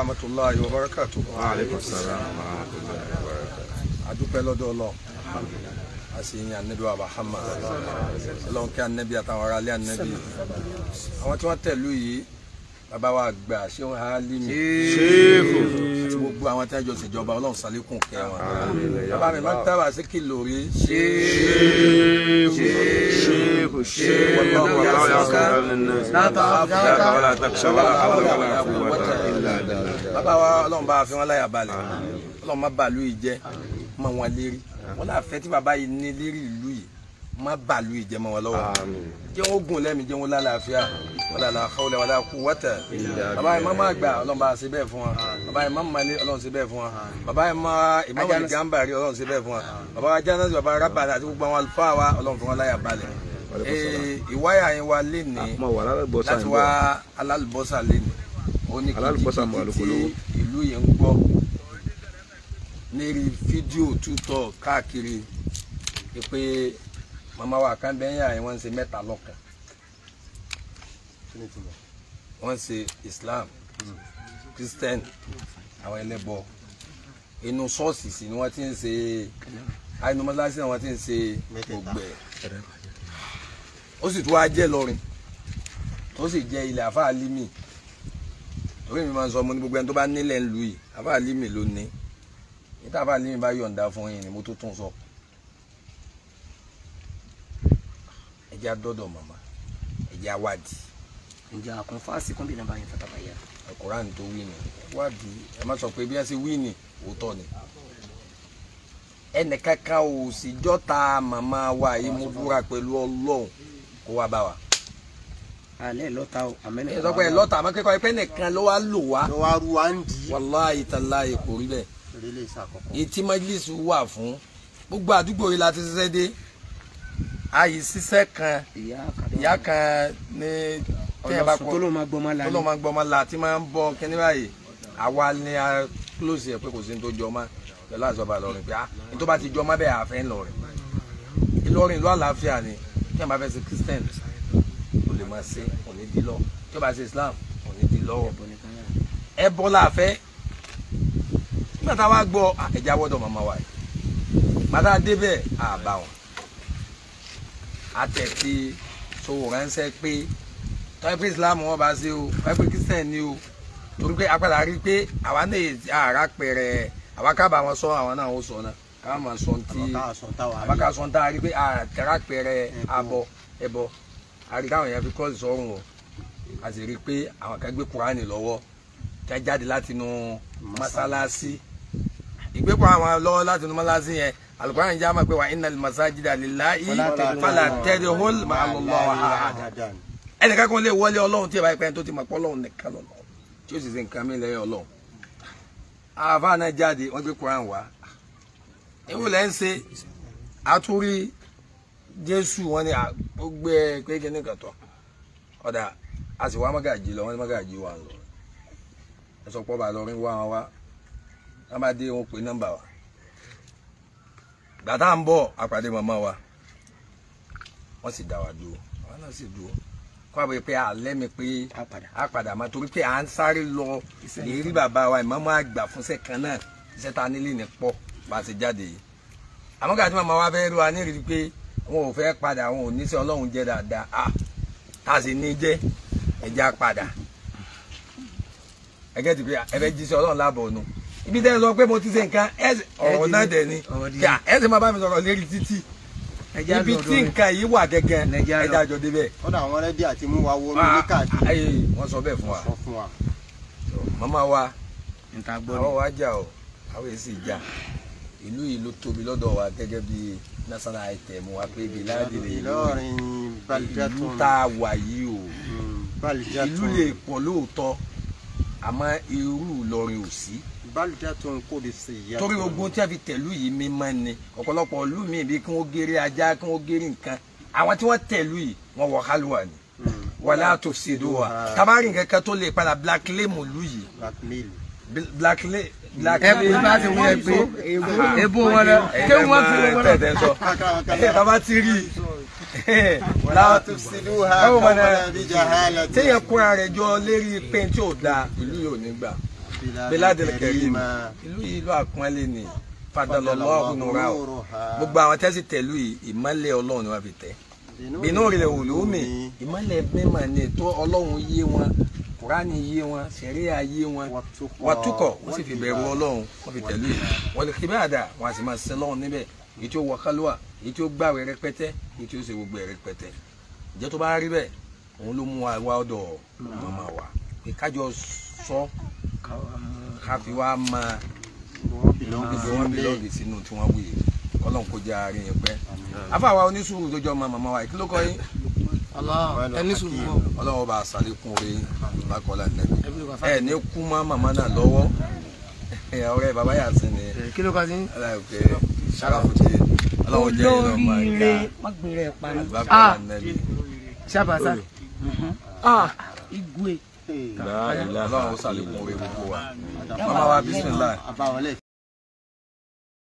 rahmatulahi wa barakatu. wa aleykum salaam wa rahmatulahi wa barakatu. a dúpẹ́ lọ́dọ̀ Ọlọ́run a sì yin anabi wa Muhammad Ọlọ́run kí anabi àtàwọn ará ilé anabi àwọn tí wọ́n tẹ̀lú yìí bàbá wa àgbà ṣéun Hálímì àti gbogbo àwọn tí wọ́n jọ ṣèjọba Ọlọ́run ṣàlékún kẹ́ wọn bàbá mi máa ń tábà sí kìlò rí ṣéèkù ṣéèkù ṣéèkù yàtọ̀ látà àfúrà bàbá àgbà wọ́tà bàbá wa ọlọ́run bá fi wọn láyà balẹ̀ ọlọ́run má bàálù yìí jẹ́ mọ wọn lérí wọn náà fẹ́ tí bàbá yìí ní lérí ìlú yìí má bàálù yìí jẹ́ mọ wọn lọ́wọ́ jẹ́ wọn gùn lẹ́mìí jẹ́ wọn lálàáfíà wọn làlà àkọọ́lẹ̀ wọn làkú wọ́tẹ̀ bàbá yìí má má gbà ọlọ́run bá ṣe bẹ́ẹ̀ fún wa bàbá yìí má malé ọlọ́run ṣe bẹ́ẹ̀ eh, ìwáyà yẹn wa lé ní ah, láti wá alálùbọ́sà lé ní alálùbọ́sà mọ̀ àlùkò lówó. ìlú yẹn ń gbọ́ lérí fídíò tútọ̀ káàkiri pé màmá wa kan bẹ́ẹ̀ yà wọ́n ń ṣe mẹ́ta lọ́kàn wọ́n ń ṣe Islam Christian àwọn ẹlẹ́bọ inú ṣọ́ọ̀ṣì sí ni wọ́n ti ń se, àìnú mọ́sálásí ni wọ́n ti ń ṣe ògbẹ́ ó sì tún wá jẹ́ lọ́rin tó sì jẹ́ ilẹ̀ àfáà límì orí mi máa ń sọ mo ní gbogbo ẹni tó bá nílẹ̀ ń lu yìí àbá límì ló ní níta àbá límì bá yọ̀ǹda fún yín ni mo tó tún sọ ẹjẹ́ àdọ́dọ̀ màmá ẹjẹ́ àwádìí. ǹjẹ́ àkùnfà síkún bí nàbàyàn fàtàbàyà. Quran tó wí wádìí ẹ má sọ pé bí a ṣe wí ni ni ẹnì kankan ò sì jọ́ta màmá wa yìí mo búra pẹ̀lú Ọlọ́run kó wá bá wa alẹ́ lọ́ta o àmẹ́nìkan. ẹ sọ pé lọ́ta àmọ́ kíkọ́ ẹgbẹ́ nìkan ló wá lò wá. ló wá ru wa ń di. wàláyé tàláyé kò rí bẹ́ẹ̀. etí májèlésì wà fún gbogbo àdúgbò yìí la ti ṣiṣẹ́ dé àyè ṣiṣẹ́ kan ìyá kan ní tẹ́yìn bá kọ́ tọ́lọ́ máa gbọ́mọ́ la tí máa ń bọ́ kíní báyìí àwa ni a close ẹ̀ pé kò sí ní tó jọ mọ́ pẹ̀lú àzọba lọ́rin pé ah ní tó bá ti jọ mọ́ bẹ́ẹ̀ àfẹ́ ńlọrin Ìlọrin ìlú àlàáfíà ni tẹ́yìn bá fẹ́ ṣe Christian o lè máa ṣe kò ní di lọ tí o bá ṣe islam kò ní di lọ́wọ́ ẹbọ la nígbà tá a wá gbọ́ ẹja wọ́dọ̀ màmá wa yìí màtá débẹ̀ àbá wọn àtẹ̀tí sowó ránṣẹ́ pé tọ́yẹ islam wọn bá ṣe o tọ́yẹ pé christian ni o torí pé apàdà rí i pé àwa náà àrà pẹ̀rẹ̀ àwa kábà wọn sọ àwọn náà ó sọ náà káwọn máa sọ ní tí àbákà sọ ní tá a rí i pé àrà pẹ̀rẹ̀ abọ ẹbọ a rí táwọn èèyàn fi kọ́ sọ́run o a sì rí i pé àwọn kan gbé kuraani lọ́wọ́ tí a jáde látinú masalasi ìgbépo àwọn lọ́wọ́ látinú masalasi yẹn alukóran jẹ́ àmọ́ pé wa innal masajida lillahi fala tadhul ma'a Allahi ahada ẹnìkan kan lè wọlé ọlọ́run tí ìbá ìpẹ́yìn tó ti mọ̀ pé ọlọ́run nìkan lọ́nà tí ó sì ṣe nǹkan mi lẹ́yìn ọlọ́run àáfàá náà jáde wọ́n gbé kuraani wá ewu ń ṣe àtúrí jésù wọn ni gbogbo ẹ e pé kíní kan tọ ọdà a sì wá mọ́gàjì lọ wọn ni mọ́gàjì wà lọ ẹ sọ pọ́ bá lọrin wá wọn wá wọn bá dé wọn pé nọ́mbà wa gbàtà ń bọ̀ àpàdé màmá wa wọ́n sì dá wa dúró wọn náà sì dúró kọ́ àbẹ̀ pé alẹ́ mi pé a padà máa torí pé à ń sáré lọ èrí bàbá wa ìmọ̀mọ́ àgbà fúnṣẹ́ kan náà iṣẹ́ nílé ní pọ̀ bá a ṣe jáde yìí àmọ́ gàdí màmá wa fẹ́ rí wa ní ìrírí pé wọn ò fẹ́ padà wọn ò níṣẹ́ ọlọ́run jẹ́ dáadáa a ah, ta sì ní jẹ́ ẹja padà ẹgẹ́ ti pé ẹ fẹ́ jíṣẹ́ ọlọ́run láàbọ̀ nu ibi tẹ́ ẹ sọ pé mo ti ṣe nǹkan ọ̀rọ̀ náà dẹ̀ ni yà ẹ sì máa bá mi sọ̀rọ̀ lérí títì ibi tí nǹkan yìí wà gẹ́gẹ́ ẹja àjọ débẹ̀. wọ́n dà wọ́n rẹ́dí àti mú wa wọnú ní ah, káàkiri. wọ́n sọ bẹ́ẹ̀ fún wa màmá wa àwọn wa jà o àwọn èsì jà ìlú yìí ló tóbi lọ́dọ̀ wa gẹ́gẹ́ bí national item wa pé biladi lè lórin ìlú tá a wà yìí o hmm, ìlú lè pọ̀ lóòótọ́ àmọ́ irú Ìlọrin ò sí torí ogun tí a fi tẹ̀lú yìí mímọ́ ni ọ̀pọ̀lọpọ̀ ìlú mi bí kí wọ́n géré ajá kí wọ́n géré nǹkan àwọn tí wọ́n tẹ̀lú yìí wọ́n wọ hálùwà ni wàlá àtòsídò wa tabari nǹkan tó lè padà black lame yìí black ẹbí bá ti wí ẹgbẹ ebó wọn lọ ké wọn fi wọn lọ bàbá ti rí téèyàn kóra rẹ̀ jọ lérí pé tí ò da ìlú yìí ò ní gbà bíládìrì kẹrin ìlú yìí ló àpọ́nlé ni fadalọ́lọ́hùn nura o gbogbo àwọn tẹ́sí tẹ̀lú ìmọ́lẹ̀ ọlọ́run ni wọ́n fi tẹ̀ bínú rẹ̀ wò lómi ìmọ́lẹ̀ mímọ́ ni tó ọlọ́run yé wọn kùránì yé wọn sẹ̀ríà yé wọn. wàtúkọ̀ wọ́n sì fi bẹ̀rù ọlọ́run wọ́n fi tẹ̀lé e. wọ́n lè kíbẹ̀ àdá wọ́n á sì máa ṣiṣẹ́ lọ́run níbẹ̀ èyí tí ó wọ kálúwà èyí tí ó gbàwé rẹpẹtẹ èyí tí ó ṣe gbogbo rẹpẹtẹ ìjẹ́ tó bá rí bẹ́ẹ̀ òun ló mú wa wá ọ̀dọ̀ màmá wa pé kájọ sọ ká fi wá máa ibi wọn bílọ́ọ̀gì sínú tí wọ́n wuyì kọ́lọ́n kó jẹ́ àárín ẹni sùn bọ̀. ọlọ́wọ́ bá a sáré kún orí lákọ́lá nẹ́bí ẹ ní kú mọ́ màmá náà lọ́wọ́ ọ̀rẹ́ bàbá yà sí ni. kí ló kọ́ sí. ṣàkàfù ti ọlọ́wọ́ jẹ́ ìlú ọmọ ìgbà mọ́gbìnrin ẹ̀pá ni. Ah! ṣàbàṣà ah! igwe. ọlọ́wọ́ sáré kún orí gbogbo wa. màmá wa bísí